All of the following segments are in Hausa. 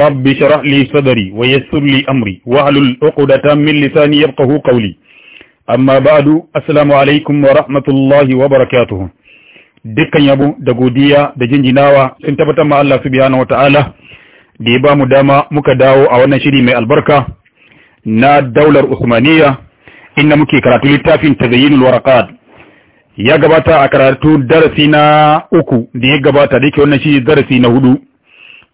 رب اشرح لي صدري ويسر amri أمري واحلل عقدة min لساني يفقه قولي amma ba'du assalamu alaikum wa rahmatullahi wa barakatuhu dukkan yabo da godiya da jinjinawa sun tabbatar ma Allah subhanahu wa ta'ala da ya bamu dama muka dawo a wannan shiri mai albarka na daular Usmaniyya inda muke karatu littafin tazayyinul waraqat ya gabata a karatu darasi na uku da ya gabata a yake wannan shiri darasi na hudu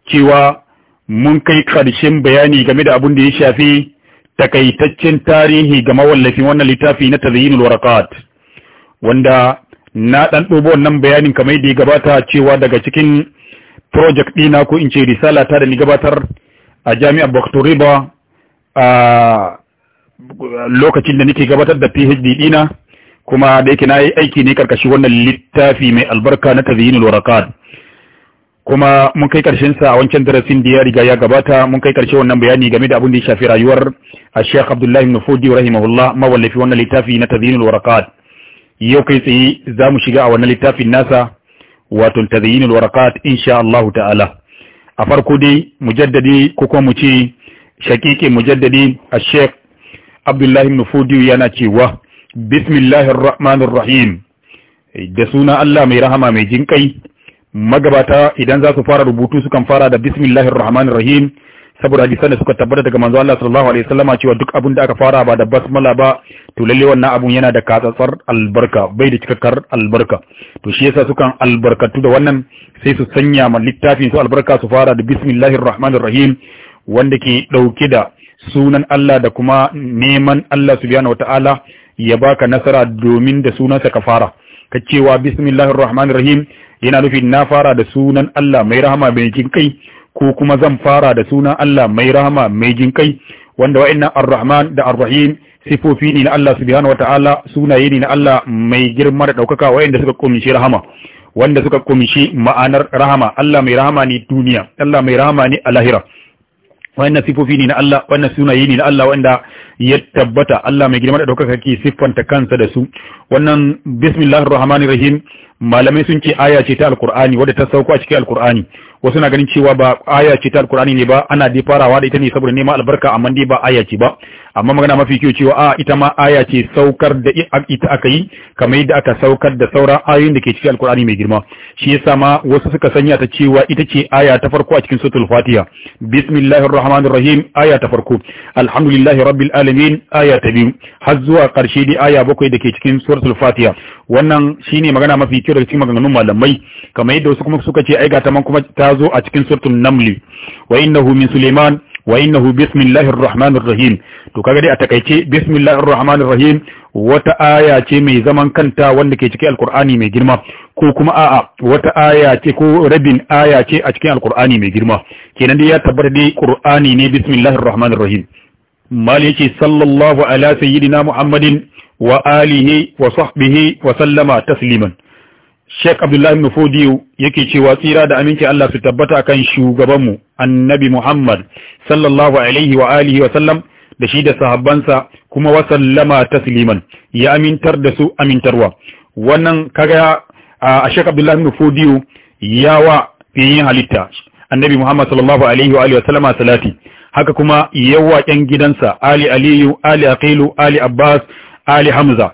cewa mun kai ƙarshen bayani game da abin da ya shafi takaitaccen tarihi ga mawallafin wannan littafi na tazyinul warakat wanda na ɗan ɗobo wannan bayanin kamar yadda ya gabata cewa daga cikin project ɗina ko in ce risala ta da ni gabatar a jami'ar riba a lokacin da nake gabatar da PhD ɗina kuma da yake na yi aiki ne karkashi wannan littafi mai albarka na tazyinul warakat kuma mun kai sa a wancan darasin da ya riga ya gabata mun kai karshe wannan bayani game da abin da ya shafi rayuwar Sheikh Abdullah ibn Fudi rahimahullah mawallafi wannan littafi na Tadhinul Waraqat yau kai tsaye zamu shiga a wannan littafin nasa wato Tadhinul Waraqat insha Allah ta'ala a farko dai mujaddadi ko kuma mu ce shakiki mujaddadi Sheikh Abdullah ibn Fudi yana cewa bismillahir rahmanir rahim da suna Allah mai rahama mai jinkai magabata idan za su fara rubutu sukan fara da bismillahir rahmanir rahim saboda hadisan da suka tabbata daga manzo Allah sallallahu alaihi wasallama cewa duk abin da aka fara ba da basmala ba to lalle wannan abun yana da katsatsar albarka bai da cikakkar albarka to shi yasa sukan albarkatu da wannan sai su sanya ma littafin su albarka su fara da bismillahir rahmanir rahim wanda ke dauke da sunan Allah da kuma neman Allah subhanahu wataala ya baka nasara domin da sunansa ka fara ka cewa bismillahir rahmanir rahim yana nufin na fara da sunan Allah mai rahama mai jin kai ko kuma zan fara da sunan Allah mai rahama mai jin kai wanda wa'annan ar-rahman da ar-rahim sifofi ne na Allah subhanahu wataala sunaye ne na Allah mai girma da daukaka wa'anda suka kunshi rahama wanda suka kunshi ma'anar rahama Allah mai rahama ne duniya Allah mai rahama ne a lahira wa'annan sifofi ne na Allah wannan sunaye ne na Allah wanda ya tabbata Allah mai girma da ɗaukaka ke siffanta kansa da su wannan bismillahir rahmanir rahim malamai sun ce aya ce ta alkur'ani wadda ta sauko a cikin alkur'ani wasu na ganin cewa ba aya ce ta alkur'ani ne ba ana dai farawa da ita ne saboda neman albarka amma dai ba aya ce ba amma magana mafi kyau cewa a ita ma aya ce saukar da ita aka yi kamar yadda aka saukar da sauran ayoyin da ke cikin alkur'ani mai girma shi yasa ma wasu suka sanya ta cewa ita ce aya ta farko a cikin suratul fatiha bismillahir rahmanir rahim aya ta farko alhamdulillahi rabbil alamin alamin aya ta biyu har zuwa ƙarshe dai aya bakwai da ke cikin suratul fatiha wannan shine magana mafi kyau daga cikin maganganun malamai kamar yadda wasu kuma suka ce ai ga taman kuma ta zo a cikin suratul namli wa innahu min suleiman wa innahu bismillahir rahmanir rahim to kaga dai a takaice bismillahir rahmanir rahim wata aya ce mai zaman kanta wanda ke cikin alkur'ani mai girma ko kuma a'a wata aya ce ko rabin aya ce a cikin alkur'ani mai girma kenan dai ya tabbata dai qur'ani ne bismillahir rahmanir rahim mal yake sallallahu ala sayyidina muhammadin wa alihi wa sahbihi wa sallama tasliman Sheikh Abdullahi Mufodiyo yake cewa tsira da aminci Allah su tabbata kan shugabanmu Annabi Muhammad sallallahu alaihi wa alihi wa sallam da shi da sahabbansa kuma wa sallama tasliman ya amintar da su amintarwa wannan kaga a Sheikh Abdullahi Mufodiyo yawa fiyin halitta Annabi Muhammad sallallahu alaihi wa alihi wa sallama salati haka kuma yawaƙen gidansa ali aliyu ali aqilu ali abbas ali hamza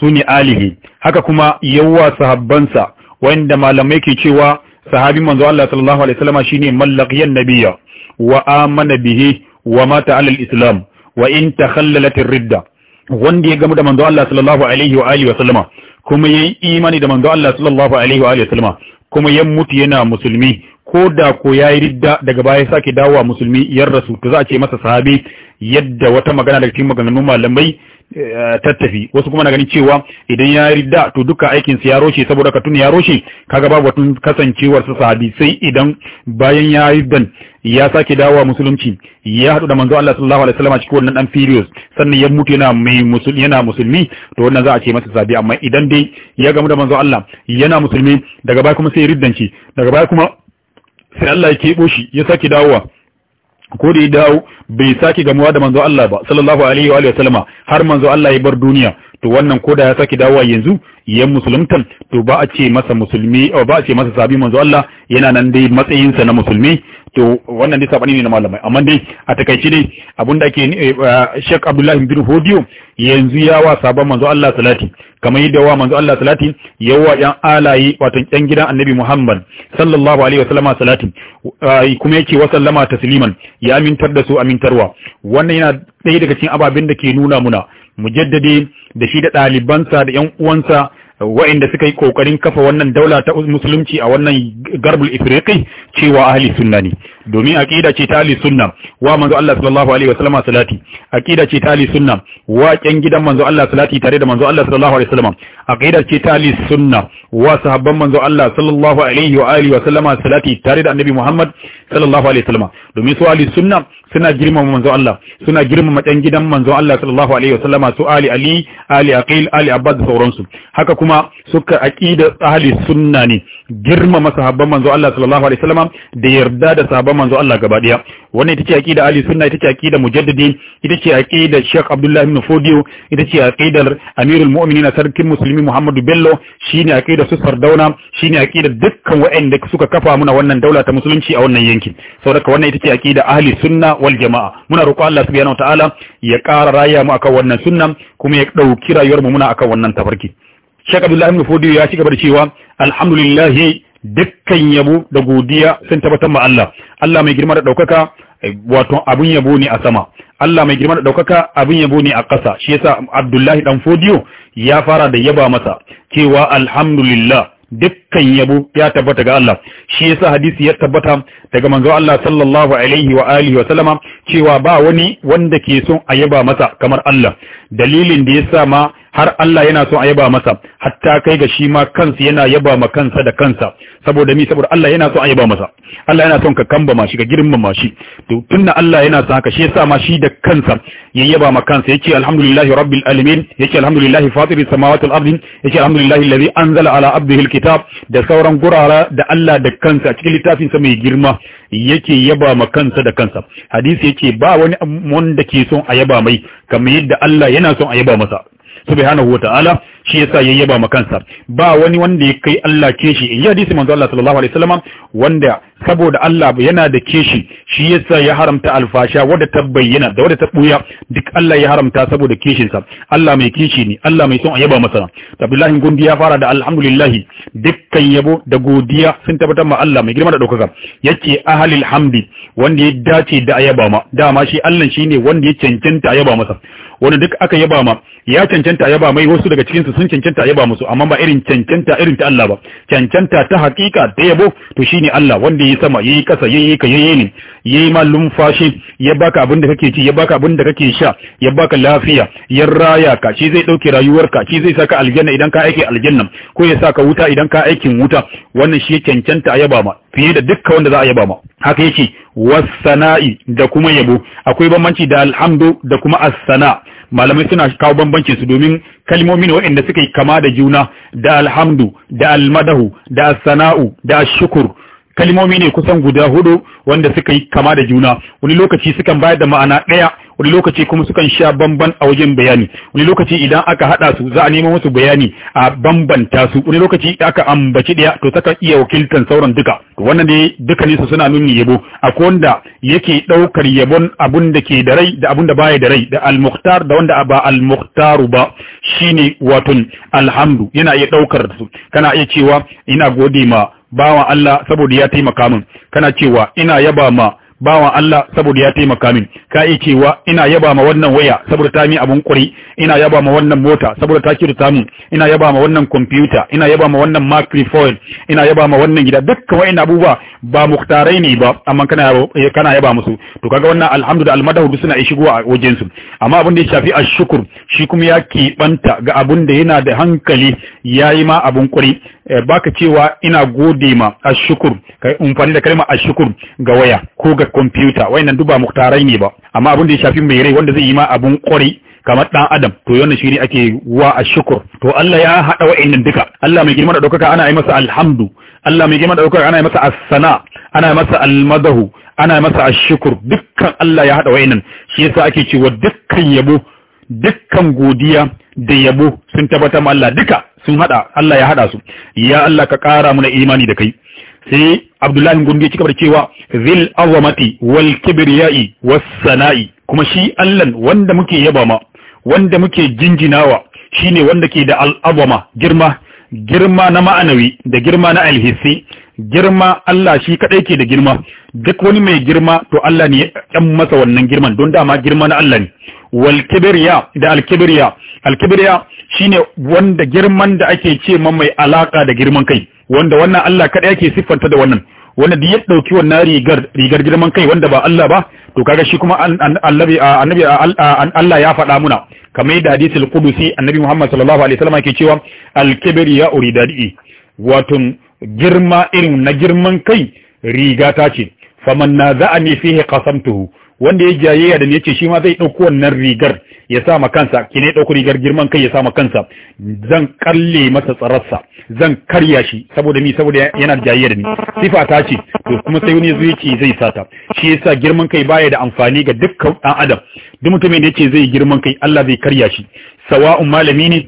su ne alihi haka kuma yawa sahabbansa wanda malamai ke cewa sahabi manzo Allah sallallahu alaihi wasallam shine mallaqiyan nabiyya wa amana bihi wa mata alal islam wa in ta takhallalat ridda wanda ya gamu da manzo Allah sallallahu alaihi wa alihi wasallama kuma yayi imani da manzo Allah sallallahu alaihi wa alihi kuma ya mutu yana musulmi ko da ko ya yi ridda daga baya sake dawowa musulmi yar rasu to za a ce masa sahabi yadda wata magana daga cikin maganganun malamai eh, tattafi wasu kuma na ganin cewa idan ya ridda to duka aikin sa ya roshe saboda ka tuni ya roshe kaga babu batun kasancewar sa sahabi sai idan bayan ya riddan ya sake dawowa musulunci ya hadu da manzo Allah sallallahu alaihi wasallam a cikin wannan dan furious sannan ya mutu yana mai musulmi yana musulmi to wannan za a ce masa sahabi amma idan dai ya gamu da manzo Allah yana musulmi daga baya kuma sai riddan shi daga baya kuma sai Allah ya kebo shi ya saki dawowa ko da ya dawo bai saki gamuwa da manzo Allah ba sallallahu alaihi wa sallama har manzo Allah ya bar duniya to wannan koda ya saki dawowa yanzu ya musulmtan, to ba a ce masa musulmi oh, ba a ce masa sabi manzo Allah yana nan dai matsayinsa na musulmi to wannan dai sabani ne na malamai amma dai a takaice dai da ake eh, Sheikh Abdullahi bin Hodiyo yanzu ya wa sabon manzo Allah salati kamar yadda wa manzo Allah salati ya wa yan alayi wato yan gidan Annabi Muhammad sallallahu alaihi wasallama salati eh, kuma yake wa sallama tasliman ya amintar da su amintarwa wannan yana ɗaya daga cikin ababen da ke nuna muna mu jaddade da shi da ɗalibansa da ƴan uwansa waɗanda suka yi kokarin kafa wannan daula ta musulunci a wannan garbul ifriqi cewa ahli sunna ne domin aqida ce ta ali sunna wa manzo Allah sallallahu alaihi wasallam salati aqida ce ta ali sunna wa kyan gidan manzo Allah salati tare da manzo Allah sallallahu alaihi wasallam aqida ce ta ali sunna wa sahabban manzo Allah sallallahu alaihi wa alihi wasallam salati tare da annabi Muhammad sallallahu alaihi wasallam domin su ali sunna suna girmama manzo Allah suna girmama kyan gidan manzo Allah sallallahu alaihi wasallam su ali ali ali aqil ali abbas sauransu haka kuma suka aqida ahli sunna ne girmama sahabban manzo Allah sallallahu alaihi wasallam da yarda da sahabban manzo Allah gaba daya wannan ita ce aqida ali sunna ita ce aqida mujaddidi ita ce aqida Sheikh abdullahi ibn Fodio ita ce aqidar Amirul Mu'minin sarkin musulmi Muhammadu Bello shine aqida su Sardauna shine aqida dukkan waɗanda suka kafa muna wannan daula ta musulunci a wannan yankin saboda wannan ita ce aqida ahli sunna wal jamaa muna roƙo Allah subhanahu wataala ya ƙara raya mu akan wannan sunna kuma ya dauki rayuwar mu muna akan wannan tafarki Sheikh abdullahi ibn Fodio ya ci gaba da cewa alhamdulillahi dukkan yabo da godiya sun tabbatar ma Allah Allah mai girma da daukaka eh, wato abun yabo ne a sama Allah mai girma da daukaka abun yabo ne a ƙasa shi yasa Abdullahi dan Fodiyo ya fara da yaba masa cewa alhamdulillah dukkan yabo ya tabbata ga Allah shi yasa hadisi ya tabbata daga manzo Allah sallallahu alaihi wa alihi wa sallama cewa ba wani wanda ke son a yaba masa kamar Allah dalilin da yasa ma har Allah yana so a yaba masa hatta kai ga shi ma kansa yana yaba ma kansa da kansa saboda mi saboda Allah yana so a yaba masa Allah yana son ka ma shi ka girmama shi to tunda Allah yana son haka shi yasa ma shi da kansa ya yaba ma kansa yace alhamdulillahi rabbil alamin yace alhamdulillahi fatiri samawati wal ardi yace alhamdulillahi alladhi anzala ala abdihi alkitab da sauran gurara da Allah da kansa cikin littafin sa mai girma yake yaba ma kansa da kansa hadisi yace ba wani wanda ke son a yaba mai kamar yadda Allah yana son a yaba masa subhanahu wataala shi yasa yayyaba ma kansa ba wani wanda ya kai Allah keshi in yi hadisi manzo Allah sallallahu alaihi wasallam wanda saboda Allah yana da keshi shi yasa ya haramta alfasha wanda ta bayyana da wanda ta buya duk Allah ya haramta saboda keshinsa sa Allah mai kishi ne Allah mai son a yaba masa Abdullahi Gundi ya fara da alhamdulillah dukkan yabo da godiya sun tabbatar ma Allah mai girma da daukaka yake ahlil hamdi wanda ya dace da ayaba ma dama shi Allah shine wanda ya cancanta ayaba masa wanda duk aka yaba ma ya cancanta yaba mai wasu daga cikinsu sun cancanta yaba musu amma ba irin cancanta irin ta Allah ba cancanta ta hakika ta yabo to shine Allah wanda yayi sama yayi kasa yayi ka yayi ne yayi ma lumfashi ya baka abin da kake ci ya baka abin da kake sha ya baka lafiya ya raya ka shi zai dauke rayuwarka shi zai saka aljanna idan ka aike aljanna ko ya saka wuta idan ka aikin wuta wannan shi cancanta yaba ma fiye da dukkan wanda za a yaba ma haka yake wasana'i da kuma yabo akwai bambanci da alhamdu da kuma as-sana malamai suna kawo bambanci su domin kalmomi waɗanda suka yi kama da juna da alhamdu da almadahu da as-sana'u da shukur kalmomi ne kusan guda hudu wanda suka yi kama da juna wani lokaci sukan bayar da ma'ana ɗaya wani lokaci kuma sukan sha bamban a wajen bayani wani lokaci idan aka hada su za a nemo musu bayani a bambanta su wani lokaci aka ambaci daya to saka iya wakiltan sauran duka to wannan dai ne su suna nuni yabo akwai wanda yake daukar yabon abun da ke da rai da abun da baya da rai da al-mukhtar da wanda ba al mukhtar ba shine watun alhamdu yana iya daukar su kana iya cewa ina gode ma bawa Allah saboda ya taimaka min kana cewa ina yaba ma bawa Allah saboda ya taimaka min ka iya cewa ina yaba ma wannan waya saboda ta mi abun kuri ina yaba ma wannan mota saboda ta ta mun. ina yaba ma wannan computer ina yaba ma wannan microphone ina yaba ma wannan gida dukkan wayannan abubuwa ba muktarai ne ba amma kana eh, kana yaba musu to kaga wannan alhamdulillah almadahu suna shigo a wajen su amma abin da ya shafi shukur, shi kuma ya kibanta ga abin da yana da hankali yayi ma abun kuri Eh, baka cewa ina gode ma ashukur kai umfani da kalmar ashukur ga waya ko ga kwamfuta wayannan duba muktarai ne ba amma abin da ya shafi mai rai wanda zai yi ma abun kwarai kamar dan adam to yana shi ne ake wa ashukur to Allah ya hada wayannan duka Allah mai girma da daukaka ana yi masa alhamdu Allah mai girma da daukaka ana yi masa as-sana ana yi masa al-madahu ana yi masa ashukur dukkan Allah ya hada wayannan shi yasa ake cewa dukkan yabo dukkan godiya da yabo sun tabbatar ma Allah duka sun hada Allah ya hada su ya Allah ka kara mana imani da kai sai Abdullahi Gombe ci gaba da cewa zil azamati wal kibriyai was sana'i kuma shi Allah wanda muke yaba ma wanda muke jinjinawa shine wanda ke da al'azama girma girma na ma'anawi da girma na alhissi girma Allah shi kadai ke da girma duk wani mai girma to Allah ne ya masa wannan girman don dama girma na Allah ne wal kibriya da al kibriya al kibriya shine wanda girman da ake ce mai alaka da girman kai wanda wannan Allah kada yake siffanta da wannan wanda duk ya dauki wannan rigar rigar girman kai wanda ba Allah ba to kaga shi kuma annabi annabi Allah ya faɗa muna kamar yadda hadisul qudusi annabi Muhammad sallallahu alaihi wasallam yake cewa al-kibri ya uridadi wato girma irin na girman kai riga ta ce faman naza'ani fihi qasamtuhu wanda ya jayayya da ni yace shi ma zai dauko wannan rigar ya sa ma kansa ki ne dauko rigar girman kai ya sa ma kansa zan kalle masa tsararsa zan karya shi saboda ni saboda yana jayayya da ni sifa ta ce to kuma sai wani zai ce zai sata shi yasa girman kai baya da amfani ga dukkan dan adam duk mutumin da yace zai girman kai Allah zai karya shi sawa'un malami ne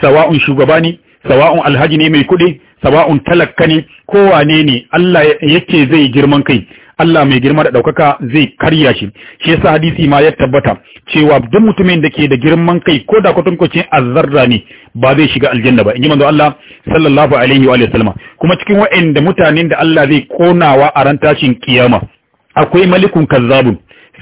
sawa'un shugaba ne sawa'un alhaji ne mai kuɗi sawa'un talakka ne kowane ne Allah yake zai girman kai Allah mai girma da ɗaukaka zai karya shi shi yasa hadisi ma ya tabbata cewa duk mutumin da ke da girman kai ko da kwatankwacin azzarra ne ba zai shiga aljanna ba in ji manzo Allah sallallahu alaihi wa sallama kuma cikin wa'anda mutanen da Allah zai konawa a ran tashin kiyama akwai malikun kazzabun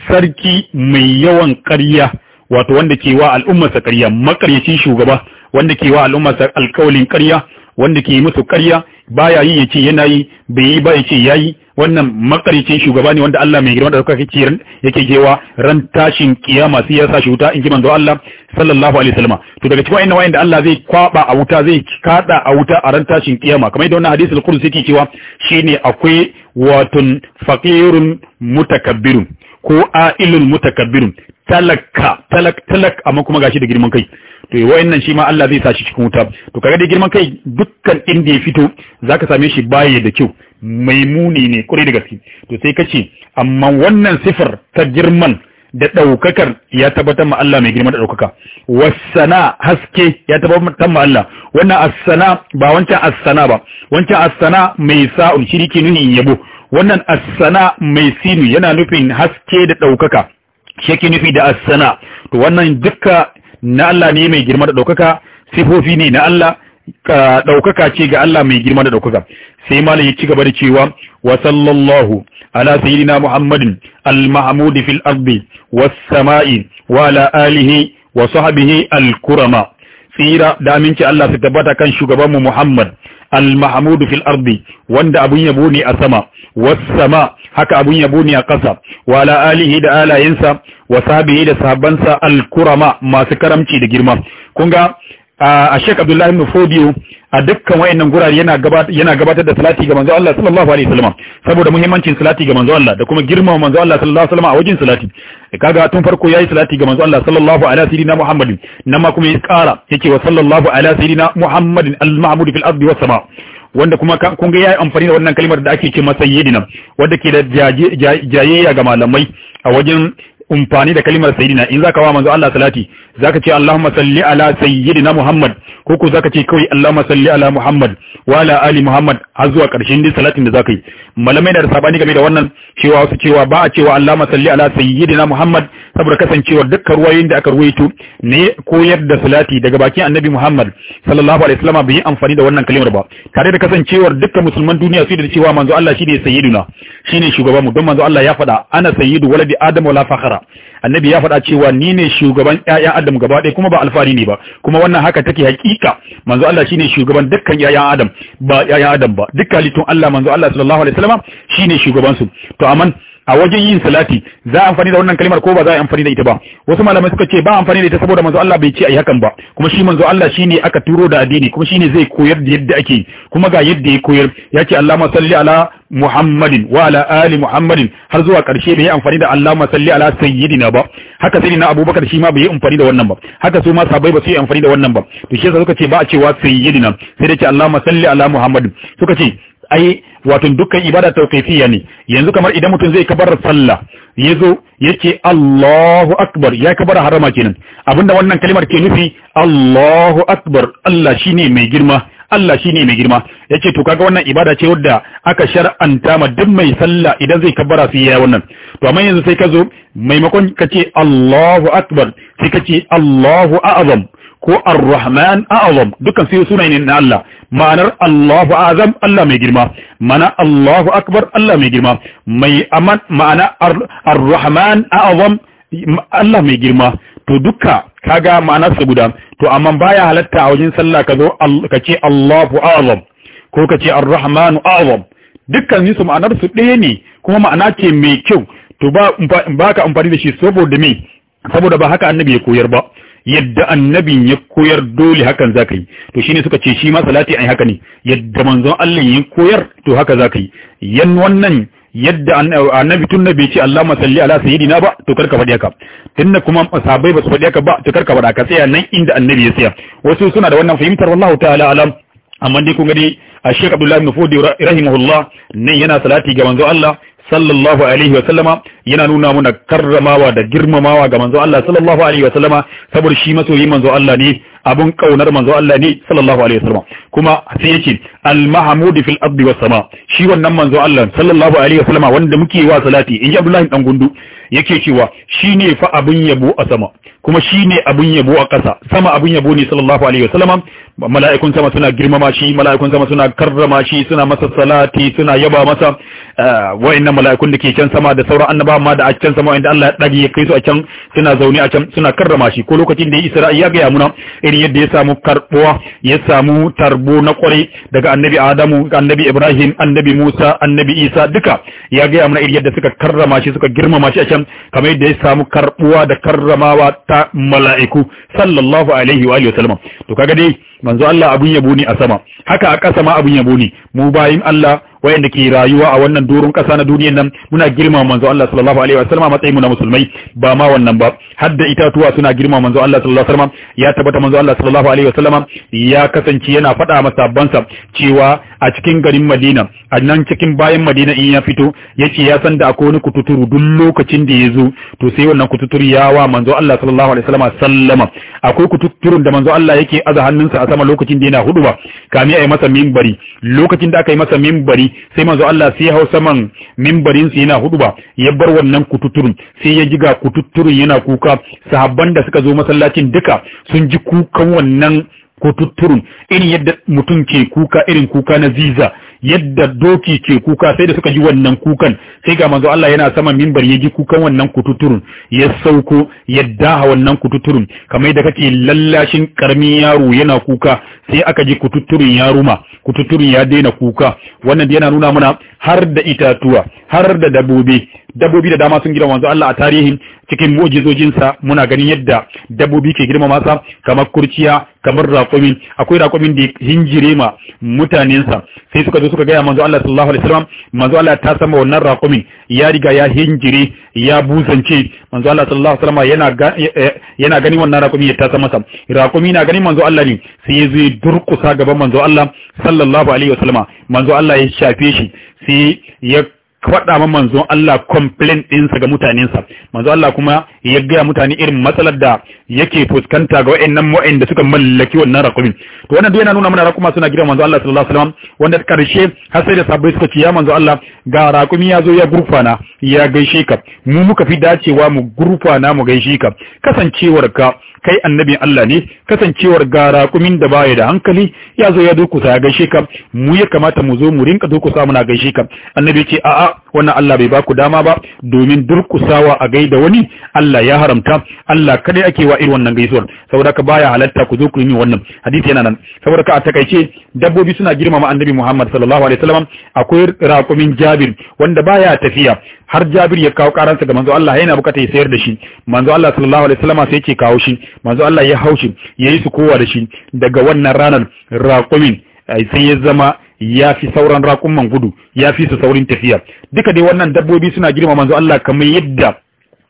sarki mai yawan ƙarya wato wanda ke wa al'ummarsa ƙarya makaryacin shugaba wanda ke wa al'ummarsa alƙawalin ƙarya wanda ke musu ƙarya baya yi yace yana yi bai yi ba yace yayi wannan makaricin shugaba ne wanda Allah mai girma da kuka yake yake cewa ran tashin kiyama sai ya sa shi wuta in ji manzo Allah sallallahu alaihi wasallam to daga cikin wayannan Allah zai kwaba a wuta zai kada a wuta a ran tashin kiyama kamar yadda wannan hadisi al-Qudsi yake cewa shine akwai watun faqirun mutakabbirun ko ailun mutakabbirun talaka talak talak amma kuma gashi da girman kai to wa'annan shi ma Allah zai sa shi cikin wuta to kaga dai girman kai dukkan inda ya fito za ka same shi baye da kyau mai muni ne kure da gaske to sai ka ce amma wannan sifar ta girman da ɗaukakar ya tabbatar ma Allah mai girman da ɗaukaka wasana haske ya tabbatar ma Allah wannan asana ba wancan asana ba wancan asana mai sa'un shiriki nuni yabo wannan asana mai sinu yana nufin haske da ɗaukaka shi nufi da asana to wannan duka na Allah ne mai girma da ɗaukaka sifofi ne na Allah ɗaukaka ce ga Allah mai girma da ɗaukaka sai malam ya ci gaba da cewa wa sallallahu ala sayyidina muhammadin al-mahmud fil ardi was sama'i wa ala alihi wa sahbihi al-kurama tsira da aminci Allah su tabbata kan shugaban mu Muhammad al-mahmud fil ardi wanda abun yabo ne a sama was sama haka abun yabo ne a ƙasa wa ala alihi da alayensa wa sabihi da sahabbansa al-kurama masu karamci da girma kun ga a Sheikh Abdullahi ibn Fodiyo a dukkan wayannan gurare yana gabatar da salati ga manzo Allah sallallahu alaihi wasallam saboda muhimmancin salati ga manzo Allah da kuma girmama manzo Allah sallallahu alaihi wasallam a wajen salati Eh, kaga tun farko yayi salati ga manzo Allah sallallahu ala sayyidina Muhammadin nan ma kuma ya kara yake wa sallallahu ala sayyidina Muhammadin al-mahmud fil ardi was sama wanda kuma kun ga yayi amfani da wannan kalmar da ake ce masa sayyidina wanda ke da jayayya ga malamai a wajen umfani da kalimar sayyidina in zaka wa manzo Allah salati zaka ce Allahumma salli ala sayyidina Muhammad ko ko zaka ce kai Allahumma salli ala Muhammad wa ala ali Muhammad har zuwa karshen din salatin da zaka yi malamai da sabani game da wannan cewa su cewa ba a cewa Allahumma salli ala sayyidina Muhammad saboda kasancewar dukkan ruwayoyin da aka ruwaito ne koyar da salati daga bakin annabi Muhammad sallallahu alaihi wasallam bai amfani da wannan kalimar ba tare da kasancewar dukkan musulman duniya su da cewa manzo Allah shine sayyiduna shine shugaban mu don manzo Allah ya faɗa ana sayyidu waladi adam wala fakhara annabi ya faɗa cewa ni ne shugaban ƴaƴan adam gaba ɗaya kuma ba alfari ne ba kuma wannan haka take hakika manzo Allah shine shugaban dukkan ƴaƴan adam ba ƴaƴan adam ba dukkan halittun Allah manzo Allah sallallahu alaihi wasallam shine shugaban su to amman a wajen yin salati za a amfani da wannan kalmar ko ba za a amfani da ita ba wasu malamai suka ce ba amfani da ita saboda manzo Allah bai ce ayi hakan ba kuma shi manzo Allah shine aka turo da addini kuma shine zai koyar da yadda ake kuma ga yadda ya koyar yace Allahumma salli ala Muhammadin wa ala ali Muhammadin har zuwa karshe bai yi amfani da Allahumma salli ala sayyidina ba haka sai na Abubakar shi ma bai yi amfani da wannan ba haka su ma sahabbai ba su yi amfani da wannan ba to shi yasa suka ce ba a cewa sayyidina sai da ce Allahumma salli ala Muhammadin suka ce ai wato dukkan ibada tawqifiyya ne yanzu kamar idan mutum zai kabar sallah yazo yake Allahu akbar ya kabar harama kenan abinda wannan kalimar ke nufi Allahu akbar Allah shine mai girma Allah shine mai girma yace to kaga wannan ibada ce wadda aka shar'anta ma duk mai sallah idan zai kabara fi ya wannan to amma yanzu sai ka zo maimakon kace Allahu akbar sai kace Allahu a'zam ko ar-rahman a'zam dukkan su ne na Allah ma'anar Allahu azam Allah mai girma mana Allahu akbar Allah mai girma mai aman ma'ana ar-rahman a'zam Allah mai girma to duka kaga ma'anar su guda to amma baya halatta a wajen sallah ka zo ka ce Allahu a'zam ko ka ce ar-rahman a'zam dukkan su ma'anar su ɗaya ne kuma ma'ana ce mai kyau to ba ka amfani da shi saboda me saboda ba haka annabi ya koyar ba yadda annabin ya koyar dole hakan ka yi to shine suka ce shi ma salati yi haka ne yadda manzon Allah ya koyar to haka ka yi yan wannan yadda annabi tun bai ce Allah masalli ala sayyidina ba to karka faɗi haka tunda kuma a ba su faɗi haka ba to karka faɗa ka tsaya nan inda annabi ya tsaya wasu suna da wannan fahimtar wallahu ta'ala alam amma dai kun gani a Sheikh Abdullah ibn rahimahullah nan yana salati ga manzo Allah sallallahu alaihi wa sallama yana nuna muna karramawa da girmamawa ga manzo Allah sallallahu alaihi wa sallama saboda shi masoyi manzo Allah ne abun kaunar manzo Allah ne sallallahu alaihi wa sallama kuma sai yace al mahmud fil ardi was sama shi wannan manzo Allah sallallahu alaihi wa sallama wanda muke wa salati in ji Abdullahi dan gundu yake cewa shine fa abun yabo a sama kuma shine abun yabo a ƙasa sama abun yabo ne sallallahu alaihi wa sallama mala'ikun sama suna girmama shi mala'ikun sama suna karrama shi suna masa salati suna yaba masa Eh, wa'annan mala'ikun da ke can sama da sauran annaba ma da a can sama inda Allah ya dage ya kai su a can suna zaune a can suna karrama shi ko lokacin da ya ra'ayi ya ga muna irin yadda ya samu karbuwa ya samu tarbo na kwarai daga annabi Adamu annabi Ibrahim annabi Musa annabi Isa duka ya ga muna irin yadda suka karrama shi suka girmama shi a can kamar yadda ya samu karbuwa da karramawa ta mala'iku sallallahu alaihi wa alihi wasallam to kaga dai manzo Allah abun yabo ne a sama haka a ƙasa ma abun yabo ne mu bayin Allah wayanda ke rayuwa a wannan doron ƙasa na duniyar nan muna girma manzo Allah sallallahu alaihi wasallam a matsayin mu na musulmai ba ma wannan ba har da itatuwa suna girma manzo Allah sallallahu alaihi wasallam ya tabbata manzo Allah sallallahu alaihi wasallam ya kasance yana faɗa masa sabbansa cewa a cikin garin Madina a nan cikin bayan Madina in ya fito yace ya san da akwai wani kututuru duk lokacin da ya zo to sai wannan kututuru ya wa manzo Allah sallallahu alaihi wasallam sallama akwai kututurun da manzo Allah yake aza hannunsa a sama lokacin da yana huduba kami ai masa minbari lokacin da aka yi masa minbari sai manzo Allah sai ya hau saman mimbarin sa yana huduba ya bar wannan kututurun sai ya jiga kututurun yana kuka sahabban da suka zo masallacin duka sun ji kukan wannan kututurun irin yadda mutum ke kuka irin kuka na ziza yadda doki ke kuka sai da suka ji wannan kukan sai ga manzo Allah yana saman mimbar ya ji kukan wannan kututurun ya sauko ya daha wannan kututurun kamar da kake lallashin karmin yaro yana kuka sai aka ji kututurun ya ruma kututurun ya daina kuka wannan yana nuna mana har da itatuwa har da dabobi dabbobi da dama sun girma manzo Allah a tarihin cikin sa muna ganin yadda dabobi ke girma masa kamar kurciya kamar raƙumin akwai raƙumin da hinjire ma mutanensa sai suka zo suka gaya manzo Allah sallallahu alaihi wasallam manzo Allah ta sama wannan raqumin ya riga ya hinjire ya busance manzo Allah sallallahu alaihi wasallam yana eh, eh, yana gani wannan raqumi ya ta sama sa na gani manzo Allah ne sai zai durƙusa durkusa gaban manzo Allah sallallahu alaihi wasallam manzo Allah ya shafe shi sai ya faɗa ma manzon Allah complain ɗinsa ga mutanensa manzon Allah kuma ya gaya mutane irin matsalar da yake fuskanta ga wa'annan da suka mallaki wannan rakumin to wannan duk yana nuna mana rakuma suna gidan manzon Allah sallallahu alaihi wasallam wanda karshe har sai da sabbai suka ce ya manzon Allah ga rakumi ya zo ya gurfana ya gaishe ka mu muka fi dacewa mu gurfana mu gaishe ka kasancewar ka kai annabin Allah ne kasancewar ga rakumin da baya da hankali ya zo ya dukusa ya gaishe ka mu ya kamata mu zo mu rinka dukusa muna gaishe ka annabi ce a'a a'a wannan Allah bai baku dama ba domin durkusawa a gaida wani Allah ya haramta Allah kadai ake wa irin wannan gaisuwar saboda ka baya halatta ku zo ku yi wannan hadisi yana nan saboda ka a takaice dabbobi suna girmama annabi Muhammad sallallahu alaihi wasallam akwai raƙumin Jabir wanda baya tafiya har Jabir ya kawo karansa ga manzo Allah yana bukata ya sayar da shi manzo Allah sallallahu alaihi wasallam sai yake kawo shi manzo Allah ya haushi yayi su kowa da shi daga wannan ranar raƙumin eh, sai ya zama ya fi sauran raƙumman gudu ya fi su saurin tafiya duka dai wannan dabbobi suna girma manzo Allah kamar yadda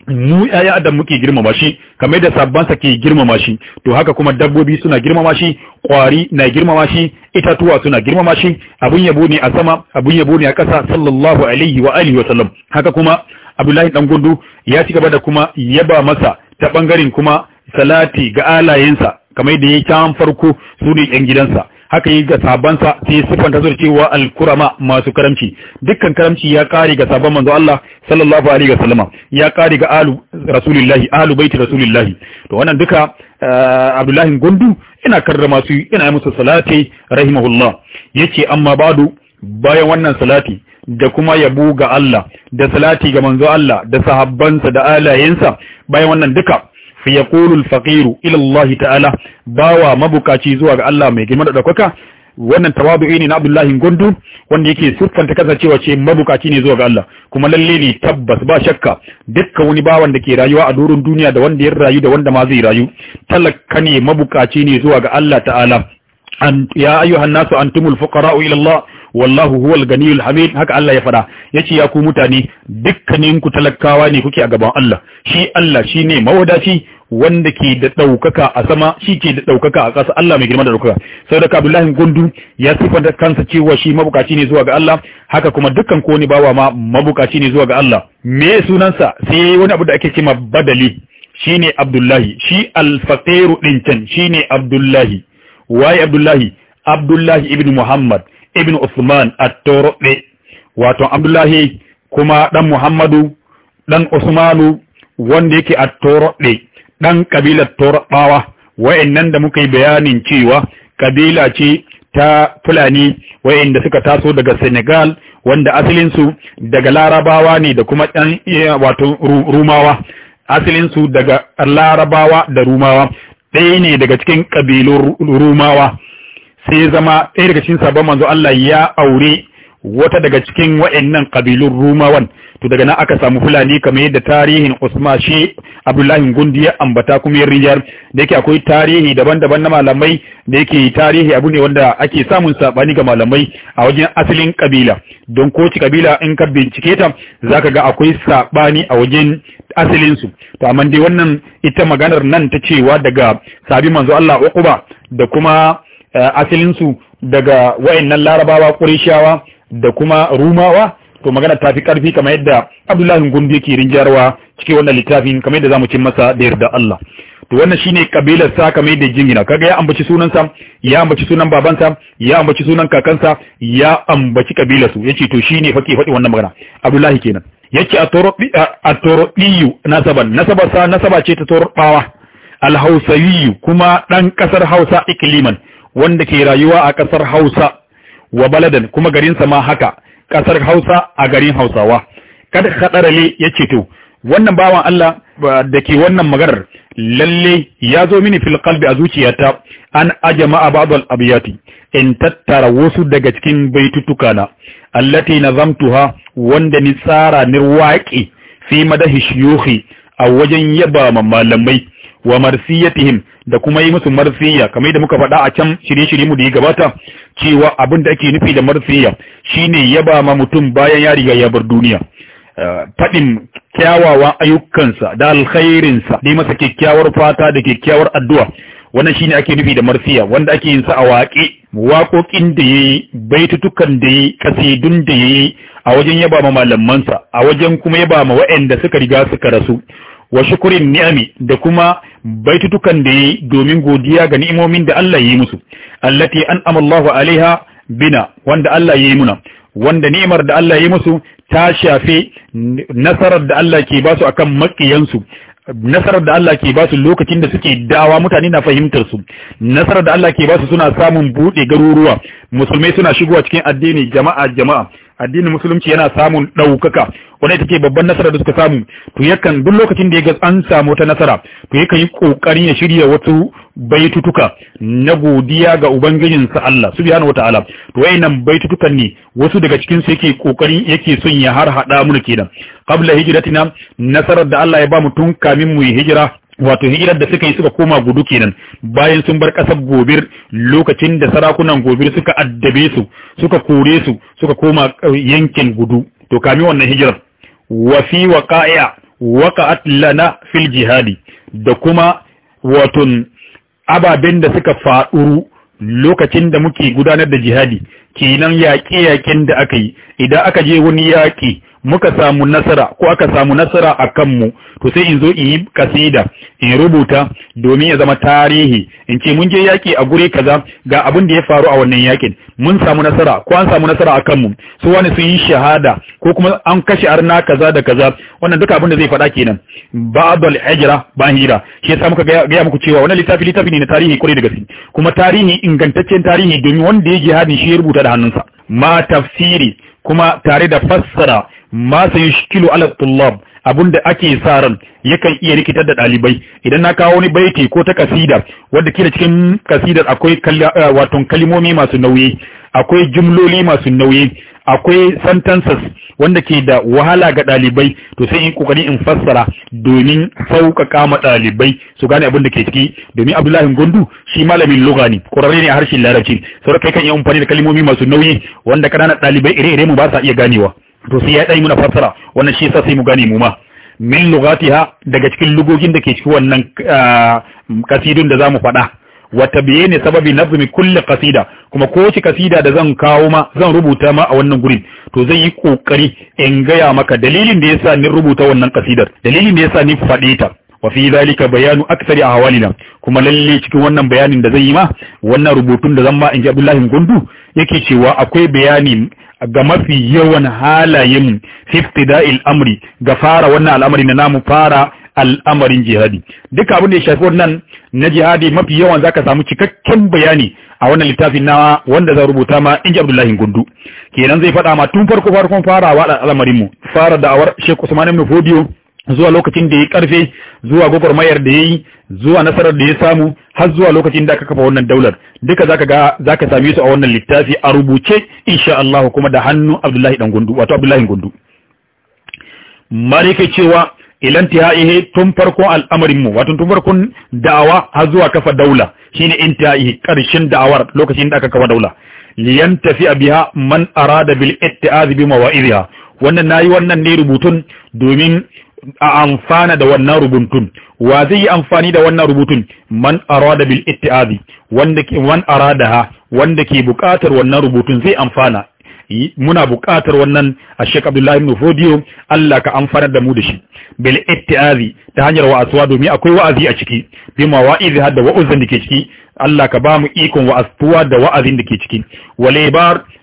mu 'ya'ya adam muke girmama shi kamar da sa ke girmama shi to haka kuma dabbobi suna girmama shi ƙwari na girmama shi itatuwa suna girmama shi abun yabo ne a sama abun yabo ne a ƙasa sallallahu alaihi wa alihi wa sallam haka kuma Abdullahi dan gundu ya ci gaba da kuma yaba masa ta bangaren kuma salati ga alayensa kamar da ya kyan farko su ne ƴan gidansa haka yi ga sabansa sai sifan su da cewa alkurama masu karamci dukkan karamci ya kare ga sabon manzo Allah sallallahu alaihi wasallama ya kare ga alu rasulillahi alu baiti rasulillahi to wannan duka eh, Abdullahi Gundu ina karrama su ina musu salati rahimahullah yace amma badu bayan wannan salati da kuma yabo ga Allah da salati ga manzo Allah da sahabbansa da alayensa bayan wannan duka fa yaqulu al-faqiru ta'ala bawa mabukaci zuwa ga Allah mai girma da daukaka wannan tawabi'i ne na Abdullahi Gundu wanda yake siffanta kasancewa ce mabukaci ne zuwa ga Allah kuma lalle ne tabbas ba shakka dukkan wani bawan da ke rayuwa a doron duniya da wanda ya rayu da wanda ma zai rayu talaka ne mabukaci ne zuwa ga Allah ta'ala ya ayyuhan nasu antumul fuqara'u ila Allah wallahu huwal ganiyul hamid haka Allah ya fada yace ya ku mutane dukkaninku talakawa ne kuke a gaban Allah shi Allah shine mawadaci wanda ke da ɗaukaka a sama shi ke da ɗaukaka a ƙasa Allah mai girma da ɗaukaka sau da abdullahi gundu ya da kansa cewa shi mabukaci ne zuwa ga Allah haka kuma dukkan ko ni bawa ma mabukaci ne zuwa ga Allah me sunansa sai wani abu da ake cewa badali shine abdullahi shi alfaqiru din can shine abdullahi waye abdullahi abdullahi ibn muhammad ibn usman a turqi wato abdullahi kuma ɗan muhammadu ɗan usmanu wanda yake a turqi ɗan ƙabilar turabawa wa'annan da muka yi bayanin cewa ƙabila ce ta fulani da suka taso daga senegal wanda asalinsu daga larabawa ne da kuma ɗan eh, wato rumawa asalinsu daga larabawa da rumawa ɗaya ne daga cikin ƙabilun rumawa sai zama ɗaya daga cikin sabon manzo Allah ya aure wata daga cikin nan ƙabilun rumawan to daga nan aka samu fulani kamar yadda tarihin Usman shi Abdullahi Gundi ya ambata kuma ya rijiyar da yake akwai tarihi daban-daban na malamai da yake tarihi abu ne wanda ake samun sabani ga malamai a wajen asalin kabila don ko ci kabila in ka bincike ta zaka ga akwai sabani a wajen asalin su to amma dai wannan ita maganar nan ta cewa daga sabi manzo Allah uquba da kuma eh, asalin su daga wayannan larabawa qurayshawa da kuma rumawa to magana ta fi karfi kamar yadda Abdullahi Gundi yake rinjarwa cikin wannan littafin kamar yadda zamu cin masa da yarda Allah to wannan shine kabilar sa kamar yadda jingina kaga ya ambaci sunansa ya ambaci sunan babansa ya ambaci sunan kakansa ya ambaci kabilar su yace to shine fake fadi wannan magana Abdullahi kenan yace atorobi turqi nasaban nasaba sa nasaba ce ta torbawa al kuma dan kasar Hausa ikliman wanda ke rayuwa a kasar Hausa wa baladan kuma garinsa ma haka kasar Hausa a garin Hausawa kada khadarali yace to wannan bawan Allah da ke wannan maganar lalle ya zo mini fil qalbi a zuciyata an ajma'a ba'd al abiyati in tattara wasu daga cikin baitutuka na allati nazamtuha wanda ni tsara ni waqi fi madahi shuyukhi a wajen yaba malamai wa marsiyatihim da kuma yi musu marsiya kamar da muka faɗa a can shirye-shirye mu da ya gabata cewa abin da ake nufi da marsiya shine yaba ma mutum bayan ya riga ya bar duniya faɗin kyawawan ayyukansa da alkhairinsa da masa kyakkyawar fata da kyakkyawar addu'a wannan shine ake nufi da marsiya wanda ake yin sa a waƙe waƙoƙin da yayi baitutukan da yayi kasidun da yayi a wajen yaba ma malamansa a wajen kuma yaba ma waɗanda suka riga suka rasu wa shukurin ni'ami da kuma baitutukan da yayi domin godiya ga ni'imomin da Allah ya yi musu allati an'ama Allahu alaiha bina wanda Allah ya yi muna wanda ni'imar da Allah ya yi musu ta shafe. nasarar da Allah ke basu akan makiyansu nasarar da Allah ke basu lokacin da suke dawa mutane na fahimtar su nasarar da Allah ke basu suna samun buɗe garuruwa musulmai suna shigowa cikin addini jama'a jama'a addinin musulunci yana samun ɗaukaka wanda ita ce babban nasara da suka samu to yakan duk lokacin da ya ga an samu wata nasara to yakan yi ƙoƙarin ya shirya wasu baitutuka na godiya ga ubangijin sa Allah subhanahu wataala to wayannan baitutukan ne wasu daga cikin su yake ƙoƙarin yake son ya har hada mu kenan qabla hijratina nasarar da Allah ya ba mu tun kamin mu hijira wato hijirar da suka yi suka koma gudu kenan bayan sun bar ƙasar gobir lokacin da sarakunan gobir suka addabe su suka kore su suka koma yankin gudu to kami wannan hijirar wa fi waqa'a waqa'at fil jihadi da kuma wato ababen da suka faɗuru lokacin da muke gudanar da jihadi kenan yaƙe-yaƙen da aka yi idan aka je wani yaƙi muka samu nasara ko aka samu nasara a kanmu to sai in zo in yi kasida in rubuta domin ya zama tarihi in ce mun je yaƙi a guri kaza ga abin da ya faru a wannan yaƙin mun samu nasara ko an samu nasara a kanmu su wani sun yi shahada ko kuma an kashe arna kaza da kaza wannan duka abin da zai faɗa kenan abdul hijra ba hira shi yasa muka gaya muku cewa wannan littafi littafi ne na tarihi kure da gaske kuma tarihi ingantaccen tarihi domin wanda ya jihadin shi ya rubuta da hannunsa ma tafsiri kuma tare da fassara ma sai yushkilu ala tullab abinda ake sa ran yakan iya rikitar da ɗalibai idan na kawo wani baiti ko ta kasida wanda kila cikin kasidar akwai eh, wato kalimomi masu nauyi akwai jumloli masu nauyi akwai sentences wanda ke da wahala ga ɗalibai to sai in kokari in fassara domin sauƙaƙa ma dalibai su gane abin da ke ciki domin Abdullahi Gondu shi malamin lugha ne ƙwararre ne a harshen Larabci saboda kai kan yi amfani da kalmomi masu nauyi wanda kanana dalibai ire-ire mu ba sa iya ganewa to sai ya dai muna fassara wannan shi yasa sai mu gane mu ma min lugatiha daga cikin lugogin da ke cikin wannan ah, kasidun da zamu faɗa wa ne sababi nazmi kulli qasida kuma ko kowace kasida da zan kawo ma zan rubuta ma a wannan gurin to zai yi kokari in gaya maka dalilin da yasa ni rubuta wannan kasidar dalilin da yasa ni faɗe ta wa fi zalika bayanu aktsari ahwalina kuma lalle cikin wannan bayanin da zan yi ma wannan rubutun da zan ma ji Abdullahi Gundu yake cewa akwai bayani ga mafi yawan halayen fiftida al'amari ga fara wannan al'amari na namu fara al'amarin jihadi Duk abin da ya shafi wannan na jihadi mafi yawan zaka samu cikakken bayani a wannan littafin na wanda zan rubuta ma inji Abdullahi Gundu kenan zai faɗa ma tun farko farkon farawa al'amarin mu fara da'awar Sheikh Usman ibn Fodio zuwa lokacin da ya karfe zuwa gwagwarmayar da ya yi zuwa nasarar da ya samu har zuwa lokacin da aka kafa wannan daular duka zaka ga zaka same su a wannan littafi a rubuce insha Allah kuma da hannu Abdullahi dan gundu wato Abdullahi gundu marike cewa ilan tihaihe tun farkon al'amarin mu wato tun farkon da'awa har zuwa kafa daula shine intihaihi karshen da'awar lokacin da aka kafa daula liyan tafi biha man arada bil ittiaz bi mawa'idha wannan nayi wannan ne rubutun domin a amfana da wannan rubutun wa zai yi amfani da wannan rubutun man arada bil ittiazi wanda ke man aradaha wanda ke buƙatar wannan rubutun zai amfana muna buƙatar wannan a Sheikh Abdullahi ibn Fodiyo Allah ka amfanar da mu da shi bil ittiazi ta hanyar wa'azuwa domin akwai wa'azi a ciki bi mawa'izi hadda wa'uzan da ke ciki Allah ka ba mu ikon wa'azuwa da wa'azin da ke ciki wal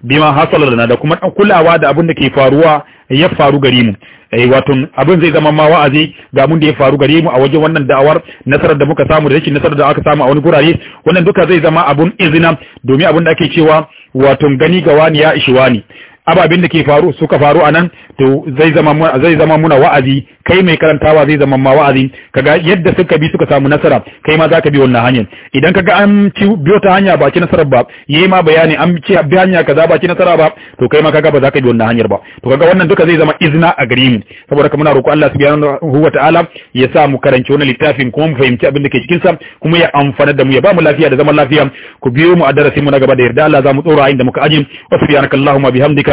bima hasala lana da kuma kulawa da abin da ke faruwa ya faru gare mu eh wato abin zai zama ma wa'azi ga mun da ya faru gare mu a wajen wannan da'awar nasarar da muka samu da rashin nasarar da aka samu a wani gurare wannan duka zai zama abun izina domin abin da ake cewa wato gani ga wani ya ishi wani ababin da ke faru suka faru a nan to zai zama zai zama muna wa'azi kai mai karantawa zai zama ma wa'azi kaga yadda suka bi suka samu nasara kai ma zaka bi wannan hanyar idan kaga an ci biyo ta hanya baki nasara ba yayi ma bayani an ci bi hanya kaza ba ci nasara ba to kai ma kaga ba zaka bi wannan hanyar ba to kaga wannan duka zai zama izna a gare mu saboda kuma muna roƙo Allah subhanahu wata'ala ya sa mu karanci wannan littafin kuma mu fahimci abin da ke cikin sa kuma ya amfana da mu ya ba mu lafiya da zaman lafiya ku biyo mu a darasin mu na gaba da yarda Allah za mu tsora ayin da muka aje wa subhanakallahumma bihamdika